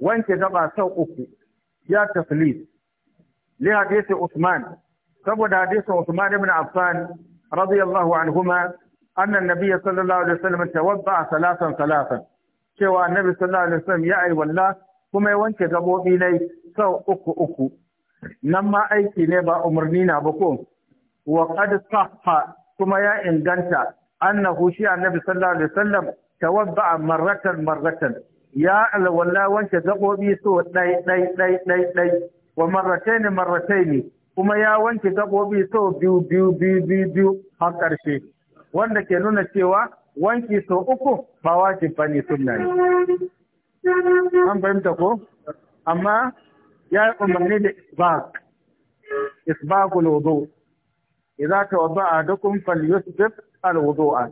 A: wanke gaba sau uku ya taslis li hadisi usman saboda hadisin usman ibn affan radiyallahu anhuma anna an sallallahu alaihi wasallam tawadda salasan salasan cewa annabi sallallahu alaihi wasallam ya ai wallahi kuma ya wanke gabobi na sau uku uku nan ma aiki ne ba umarni na ba ko wa qad sahha kuma ya inganta annahu shi annabi sallallahu alaihi wasallam tawadda marratan marratan ya alwala wanke gabobi so dai dai dai dai dai wa marratayn ne. kuma ya wanke gabobi so biyu biyu biyu biyu biyu har karshe wanda ke nuna cewa wanki so uku ba wajib bane sunna ne an fahimta ko amma ya yi umarni da isbaq isbaqul wudu idza tawadda ahadukum falyusbib alwudu'a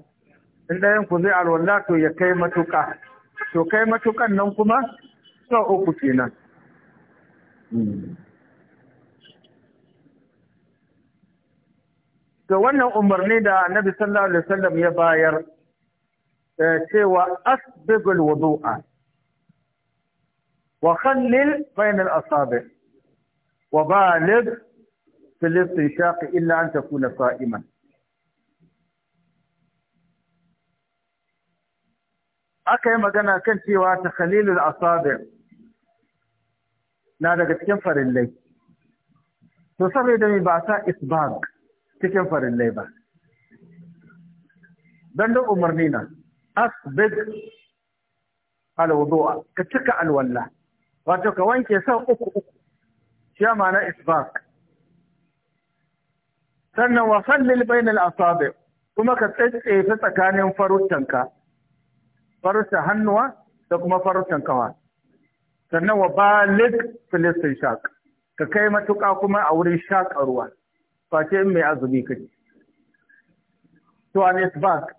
A: in dayan ku zai alwala to ya kai matuka to kai matukan nan kuma sau uku kenan To wannan umarni da Annabi sallallahu alaihi wasallam ya bayar eh, cewa asbigul wudu'a وخلل بين الأصابع وبالغ في الاستنشاق إلا أن تكون صائما aka yi magana kan cewa ta khalilul na daga cikin farillai to saboda mai ba sa isbag cikin farillai ba don da umarni na asbig alwudu'a ka cika alwalla wato ka wanke sau uku uku shi ya na isbak sannan wa sallil bainal asabi kuma ka ta tsakanin farutanka farutan hannuwa da kuma farutan kawa sannan wa balik filistin shak ka kai matuƙa kuma a wurin shakarwa face mai azumi kake to an isbak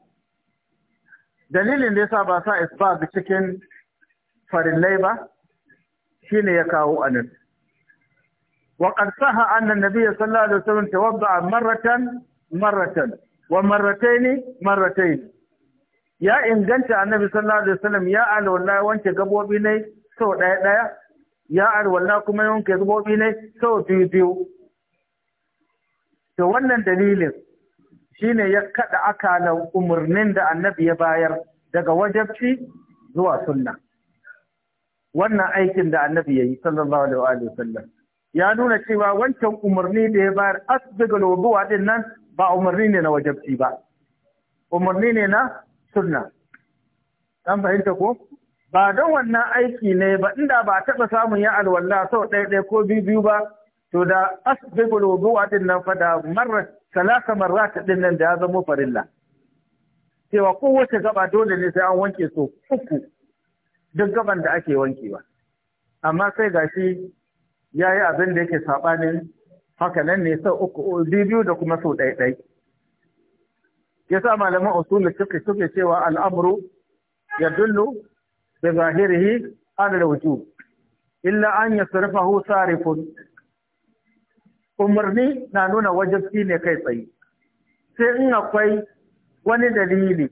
A: dalilin da ya sa ba sa isbak cikin farillai ba shine ya kawo anan wa qad saha anna nabiy sallallahu alaihi wasallam tawadda marratan marratan wa marrataini marrataini ya inganta annabi sallallahu alaihi wasallam ya wallahi wanke gabobi ne sau daya daya ya wallahi kuma wanke gabobi ne sau biyu biyu to wannan dalilin shine ya kada akalan umurnin da annabi ya bayar daga wajabci zuwa sunna wannan aikin da annabi ya yi sallallahu alaihi wa sallam ya nuna cewa wancan umarni da ya bayar asbigal wudu'a din nan ba umarni ne na wajabci ba umarni ne na sunna Dan fahimta ko ba don wannan aiki ne ba inda ba taɓa samun ya alwala sau ɗaya ɗaya ko biyu biyu ba to da asbibul wudu'a din nan fa da marra salasa ta din nan da ya zama farilla cewa kowace gaba dole ne sai an wanke so uku duk gaban da ake wankewa amma sai gashi ya yi abin da yake saɓanin hakanan ne sau uku biyu da kuma sau ɗaya ɗai ya sa malaman usulun suke suke cewa ya dullu da zahirihi an al-wujub illa an hu sarifun umarni na nuna wajibi ne kai tsaye sai in akwai wani dalili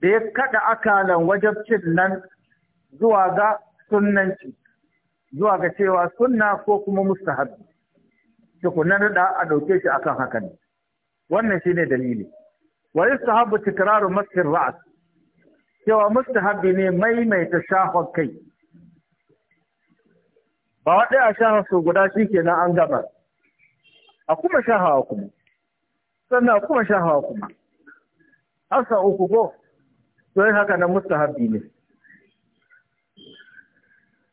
A: da ya kaɗa akalan wajibcin nan zuwa ga sunnanci zuwa ga cewa sunna ko kuma mustahabi tukunan da a dauke shi akan haka ne wannan shine dalili wa yustahabu tikraru masjid ra'as. cewa Mustahab ne maimaita shahon kai ba waɗai a shaha su guda shi kenan an gaba a kuma shahawa kuma sannan a kuma shahawa kuma asa uku go, to haka na mustahabi ne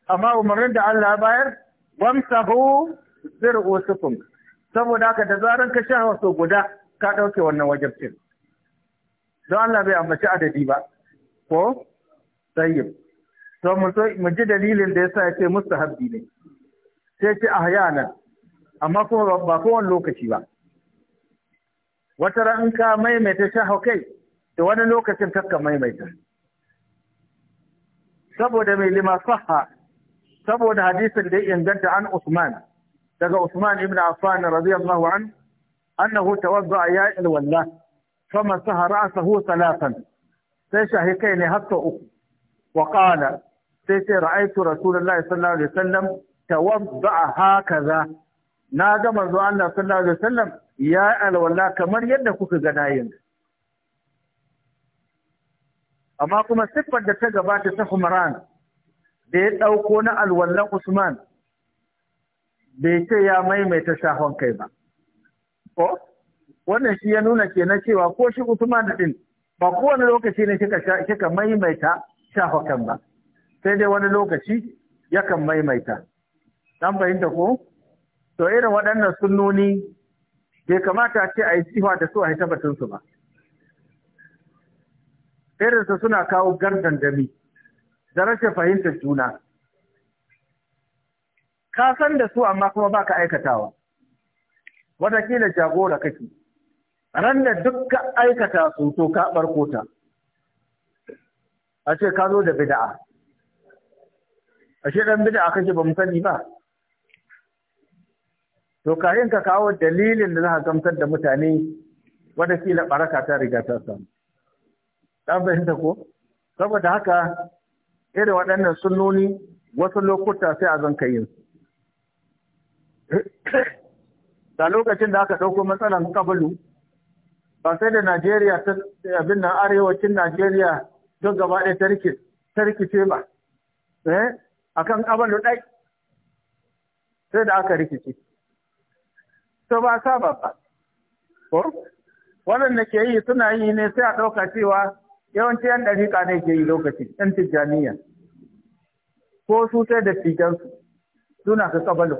A: amma umarnin da Allah ya bayar wamsahu bir usufun saboda haka da zaran ka sha wasu guda ka ɗauke wannan wajabcin don Allah bai ambaci adadi ba ko sayyib to mu so mu ji dalilin da yasa yace mustahabbi ne sai ce ahyana amma kuma ba kowane lokaci ba wata ran ka maimaita sha kai da wani lokacin kakka maimaita saboda mai lima saboda hadisin da ya inganta an Usman daga Usman ibn Affan radiyallahu an annahu tawadda ya ilwalla fama saha ra'sahu salatan sai shahi kai ne hatta uku wa qala sai sai ra'aytu rasulullahi sallallahu alaihi wasallam tawadda hakaza na ga manzo Allah sallallahu alaihi wasallam ya alwala kamar yadda kuka ga nayin amma kuma siffar da ta gabata ta Humran da ya ɗauko na alwallan Usman bai ce ya maimaita shahon kai ba. Ko? Wannan shi ya nuna kenan cewa ko shi Usman ɗin ba kowane lokaci ne kika maimaita shahon ba. Sai dai wani lokaci yakan maimaita. Ɗan fahimta ko? To irin waɗannan sunnoni bai kamata ce a yi siwa da su a yi tabbatinsu ba. Irinsa suna kawo gardandami. dami. da rashin fahimtar juna. Ka san da su amma kuma baka aikatawa, watakila jagora kake, ran da ka aikata su to ka barkota, a ce ka zo da bida'a. A ce ɗan bida'a kake ba mu sani ba. To yin ka kawo dalilin da za ka gamsar da mutane watakila ɓaraka ta riga ta samu. Ɗan fahimta ko? Saboda haka irin waɗannan sunnoni wasu lokuta sai a zanka yin da lokacin da aka ɗauko matsalan ƙabalu. ba sai da Najeriya ta abin nan arewacin Najeriya don gaba ɗaya ta rikice ba eh akan ƙabalu ɗai sai da aka rikici. to ba saba ba ko waɗanda ke yi suna yi ne sai a ɗauka cewa yawanci yan ɗariƙa ne ke yi lokaci yan tijjaniya ko su sai da tijansu suna ka kabalo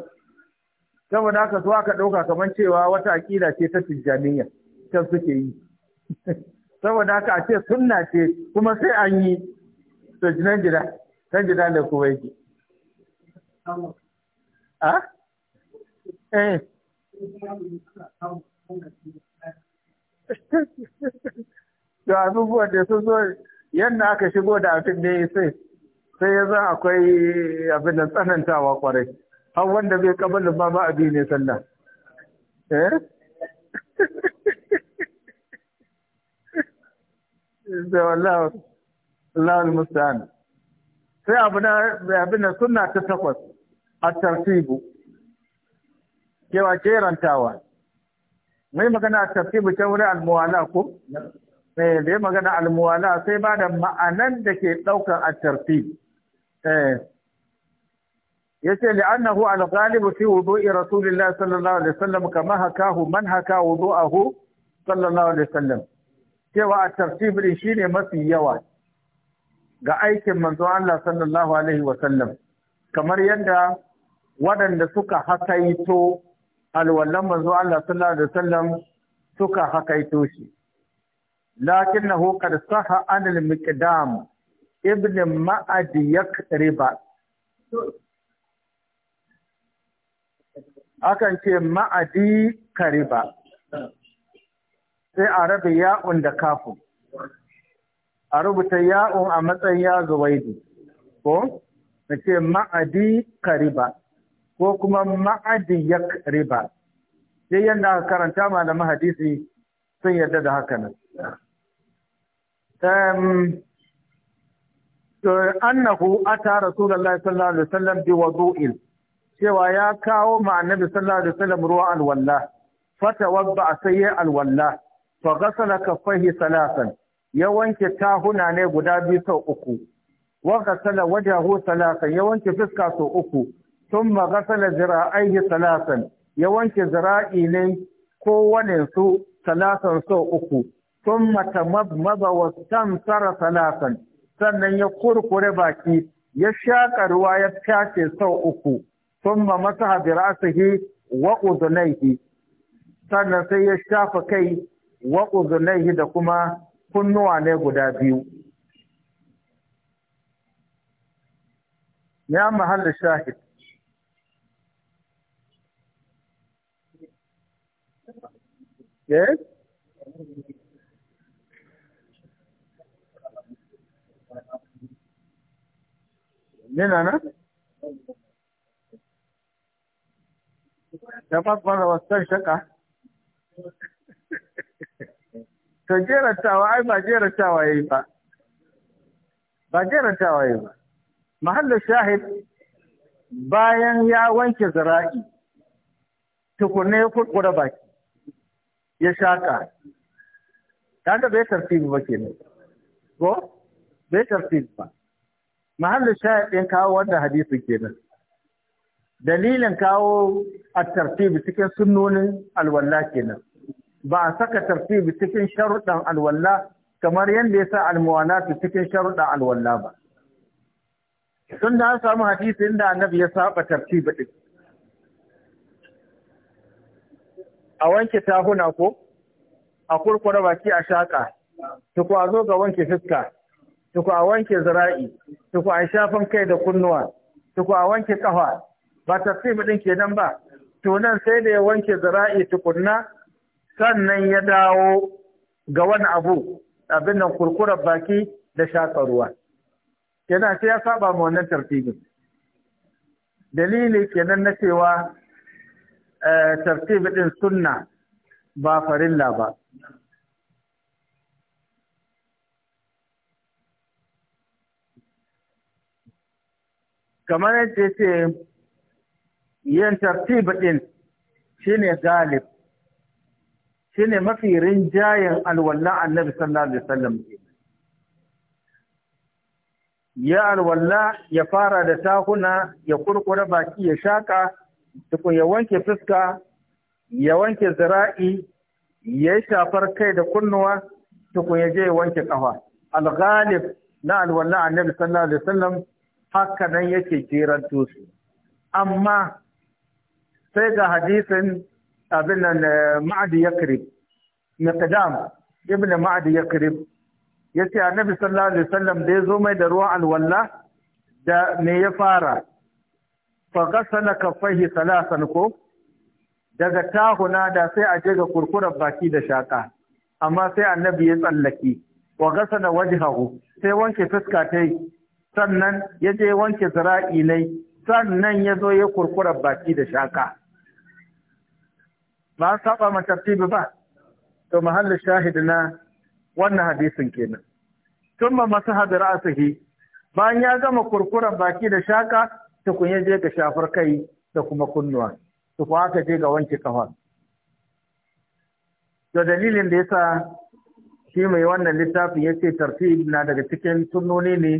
A: saboda haka su aka ɗauka kamar cewa wata aƙida ce ta tijjaniya can suke yi saboda haka a ce sunna ce kuma sai an yi to gida kan gida da kuma yake a eh da abubuwan da sun zo yadda aka shigo da abin da ya sai sai ya zan akwai abin da tsanantawa kwarai har wanda bai kabali ba ma abi ne sallah eh da wallahi Allahul musta'an sai abu na abin da suna ta takwas a tartibu kewa kerantawa mai magana a tartibu ta wurin almuwala ko eh da magana almuwala sai ba da ma'anan da ke ɗaukan at-tartib eh yace li'annahu al-ghalibu fi wudu'i rasulillahi sallallahu alaihi wasallam kama hakahu man haka wudu'ahu sallallahu alaihi wasallam cewa at-tartib din shine mafi yawa ga aikin manzo Allah sallallahu alaihi wasallam kamar yadda waɗanda suka hakaito alwallan manzo Allah sallallahu alaihi wasallam suka hakaito shi lakinnahu qad sahha an al-miqdam ibn ma'ad akan ce ma'adi kariba sai a rabe ya'un da kafu a rubuta ya'un a matsayin ya zuwaidi ko na ce ma'adi kariba ko kuma ma'adi ya kariba sai yadda aka karanta malamin hadisi sun yadda da haka nan annahu ata rasulullahi sallallahu alaihi wasallam bi wudu'in cewa ya kawo ma annabi sallallahu alaihi wasallam ruwa alwalla fatawabba sayyi alwalla fa ghasala kaffaihi salasan ya wanke tahuna ne guda biyu sau uku wa ghasala wajahu salasan ya wanke fuska sau uku thumma ghasala zira'aihi salasan ya wanke zira'i ne kowane su salasan sau uku ثم تمضمض واستنثر ثلاثا sannan ya kurkure baki ya shaƙa ruwa ya tace sau uku thumma masaha bi ra'sihi sannan sai ya shafa kai wa da kuma kunnuwa ne guda biyu ya shahid yes yana nan da fara wasan shaka to jeratawa ai ba jeratawa yi ba ba jeratawa yi ba mahallin shahid bayan ya wanke zira'i tukunne ya kurkura baki ya shaka kaga bai tarfi ba ke ne ko bai tarfi ba mahallin ɗin kawo wanda hadisi kenan dalilin kawo a tartibi cikin sunnonin alwalla kenan ba a saka tartibi cikin sharuɗan alwalla kamar yadda ya sa su cikin sharuɗan alwalla ba tun da an samu hadisi inda annabi ya saba tartibi ɗin a wanke tahuna ko a kurkura baki a shaƙa, tukwazo ga wanke fuska tuku a wanke zira'i tuku a shafan kai da kunnuwa tuku a wanke kafa ba tasbih ke kenan ba Tunan sai da ya wanke zira'i tukunna sannan ya dawo ga wani abu abin nan kurkurar baki da shaƙa ruwa kenan sai ya saba ma wannan tartibin dalili kenan na cewa eh, tartib din sunna ba farilla ba kamar yadda ce yin tartib ɗin shine galib shine mafi rinjayen alwala annabi sallallahu alaihi wasallam ya alwala ya fara da takuna ya kurkura baki ya shaka tukun ya wanke fuska ya wanke zira'i ya shafar kai da kunnuwa tukun ya je ya wanke kafa al-ghalib na alwala annabi sallallahu alaihi wasallam haka nan yake jiran su amma sai ga hadisin abin nan eh, ma'adi yakrib miqdam ibn ma'adi ya ya ce, annabi sallallahu alaihi wasallam da zo mai da ruwan alwalla da me ya fara fa ghasala kaffaihi salasan ko daga tahuna da sai a je ga kurkurar baki da shaƙa. amma sai annabi ya tsallaki wa ghasala wajhahu sai wanke fuska tai sannan ya je wanke sara'ilai sannan ya zo ya kurkura baki da shaka ba a saba ma tartibi ba to mahallin shahid na wannan hadisin kenan Tun masu masu a ra'sihi bayan ya gama kurkuran baki da shaka tukun ya je ga shafar kai da kuma kunnuwa tukun aka je ga wanke kafa Da dalilin da ya sa shi mai wannan littafin ya ce tartib na daga cikin tunnoni ne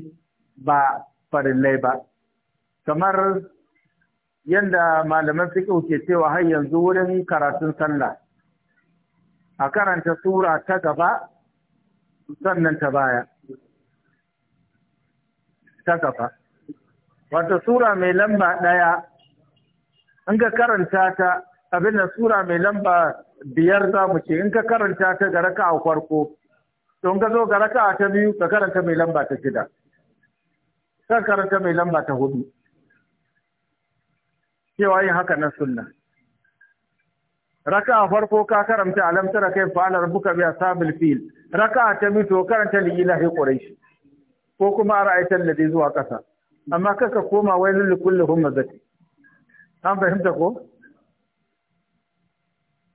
A: ba farillai ba kamar yadda malaman fiqh ke cewa har yanzu wurin karatun sallah a karanta sura ta gaba sannan ta baya ta gaba wata sura mai lamba ɗaya in ka karanta ta abin da sura mai lamba biyar za mu ce in ka karanta ta ga raka a kwarko, to in ka zo ga raka ta biyu ka karanta mai lamba ta shida kan karanta mai lamba ta hudu cewa yin haka na sunna a farko ka karanta alam tara kai fa'ala rabbuka bi ashabil fil raka ta to karanta li ilahi quraish ko kuma ra'aytan ladhi zuwa qasa amma kaka koma wailul likulli humazati an fahimta ko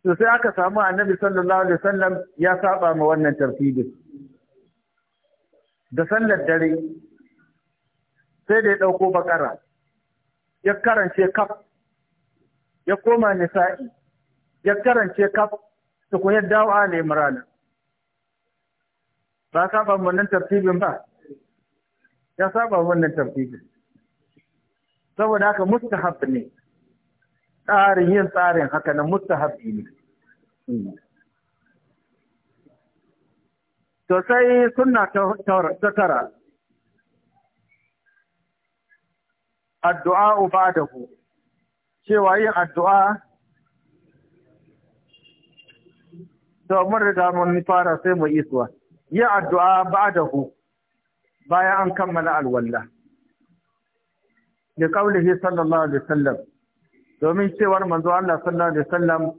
A: to sai aka samu annabi sallallahu alaihi wasallam ya saba ma wannan tartibin da sallar dare sai da ya ɗauko bakara ya karance kaf ya koma nisa'i ya karance kaf su ya dawa a ne murana ba saba wannan tartibin ba ya saba wannan tartibin saboda haka mustahab ne tsarin yin tsarin haka na mustahab ne to sai sunna ta tara addu'a ku, cewa yin addu'a to mun riga mun fara sai mu isuwa yi addu'a ku bayan an kammala alwalla da kaulihi sallallahu alaihi wasallam domin cewar manzo Allah sallallahu alaihi wasallam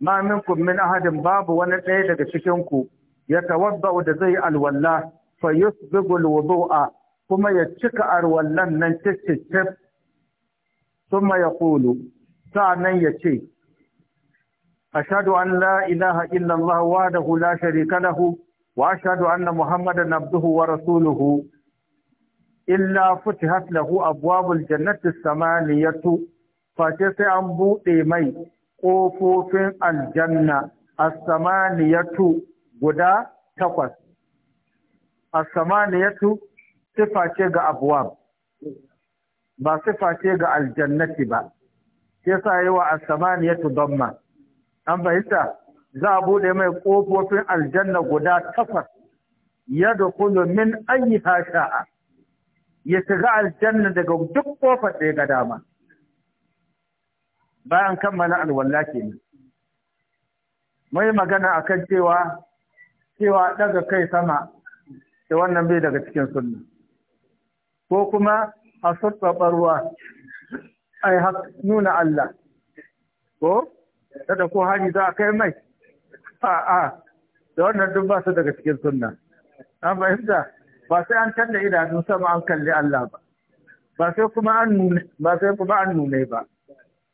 A: ma minkum min ahadin babu wani ɗaya daga cikinku, ya tawabba da zai yi alwalla fa yusbigu kuma ya cika alwallan nan ciccicif ثم يقول سعنا يتي أشهد أن لا إله إلا الله وحده لا شريك له وأشهد أن محمدا عبده ورسوله إلا فتحت له أبواب الجنة الثمانية فجس أن بوطي مي قوفوف الجنة الثمانية guda تقص a samaniyatu sifa ba sifa ce ga aljannati ba shi yi yawa asamani ya damma an fahimta za a bude mai ƙofofin aljanna guda takwas ya dukulu min yi sha'a ya shiga aljanna daga duk ƙofar ɗaya ga dama bayan kammala alwala ne, mai magana akan cewa cewa daga kai sama da wannan bai daga cikin sunna ko kuma a sassaɓa ruwa a yi nuna Allah ko da ko hari za a kai mai a'a da wannan duk ba su daga cikin sunna an fahimta ba sai an canza idanun sama an kalli Allah ba ba sai kuma an nune ba sai kuma an nune ba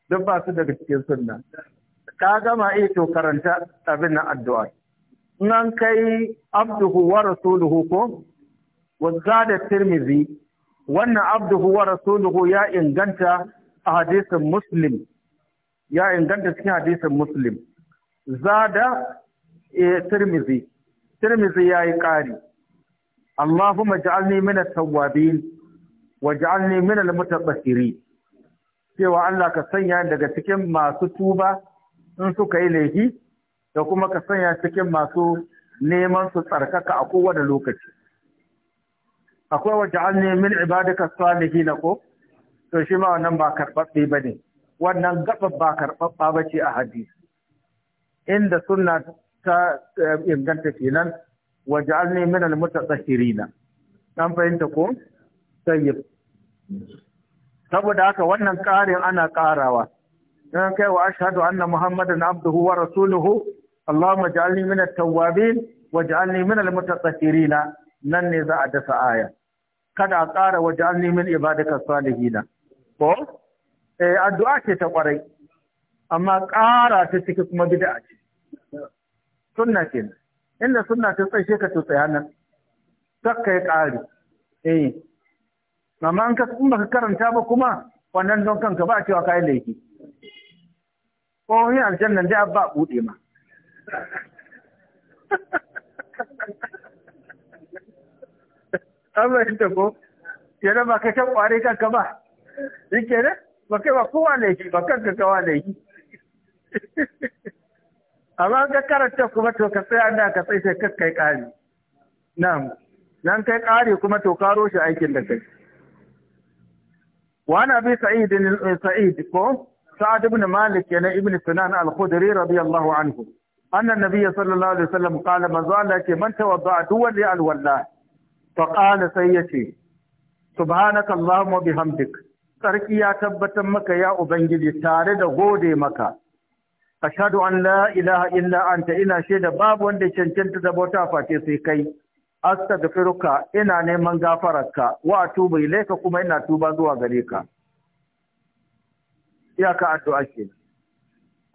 A: duk ba su daga cikin sunna ka gama eh to karanta abin nan addu'a nan kai abduhu wa rasuluhu ko wa zada tirmizi wannan abduhu wa rasuluhu ya inganta a hadisin muslim ya inganta cikin hadisin muslim zada e tirmizi tirmizi ya yi ƙari allahumma ja'alni min at-tawwabin wa ja'alni min al-mutatahhirin cewa Allah ka sanya daga cikin masu tuba in suka yi laifi da kuma ka sanya cikin masu neman su tsarkaka a kowane lokaci akwai wata an min salihi na ko to shi ma wannan ba karɓaɓɓe ba ne wannan gaɓar ba karɓaɓɓa ba ce a hadisi inda sunna ta eh, inganta kenan waje an ne min almuta tsakirina ɗan fahimta ko sayyib saboda haka wannan ƙarin ana ƙarawa in kai wa ashhadu anna muhammadan abduhu wa rasuluhu allahumma ja'alni min at-tawwabin waj'alni min al mutatahhirin nan ne za a dasa aya kada a ƙara waje an nemin ibadaka na. ko eh addu'a ce ta kwarai amma ƙara ta ciki kuma bid'a ce sunna ce inda sunna ta tsaye ka to tsaya nan sakka ya ƙari eh amma an kasu in ka karanta ba kuma wannan don kanka ba cewa yi laifi ko yin aljanna dai ba buɗe ma an ta ko ya ba ka ta kware kanka ba shi ne ba kai ba kowa ne ba kanka kawa ne yi. amma ka karanta kuma to ka tsaya da ka tsaye sai kai kare na'am nan kai kare kuma to ka aikin da kai وعن أبي سعيد سعيد سعد بن مالك يعني ابن سنان الخدري رضي الله عنه أن النبي صلى الله عليه وسلم قال ما من توضع دول الولاء faƙala sai ya ce, Subhanaka Allahumma bihamdik, Sarki ya tabbatar maka ya Ubangiji tare da gode maka, ashadu an la ilaha illa anta ina shaida babu wanda cancanta da bauta face sai kai, astaghfiruka ina neman gafararka wa atubu ilaika kuma ina tuba zuwa gare ka. Ya ka addu'a ke.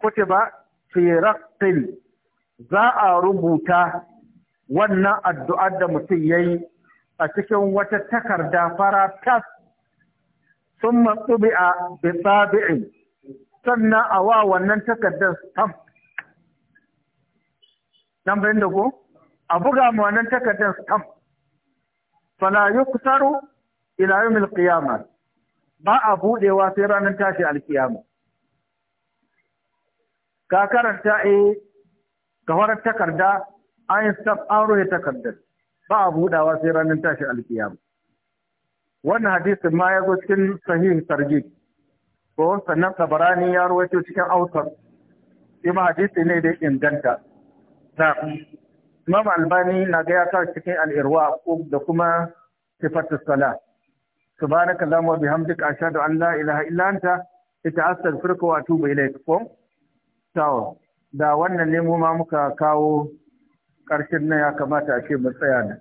A: Kutiba fi raqtil za a rubuta wannan addu'ar da mutum yayi a cikin wata takarda fara tas sun matsubi a bitsabi'in sannan a wa wannan takardar stamp Nan bayan da ko a buga ma wannan takardar stamp fala yuktaru ila yawmil qiyamah ba a budewa sai ranar tashi alkiyama ka karanta eh ga horar takarda an yi stamp an rohe takardar ba a budawa sai ranar tashi alkiyama wannan hadisin ma ya zo cikin sahih sargi ko sannan tabarani ya rawaito cikin autar Ima hadisi ne da inganta na imam albani na gaya ya sa cikin al'irwa da kuma sifatu sala subhanaka allahumma wa bihamdika ashhadu an la ilaha illa anta astaghfiruka wa atubu ilayk ko da wannan ne ma muka kawo ƙarshen na ya kamata a ce mu tsaya nan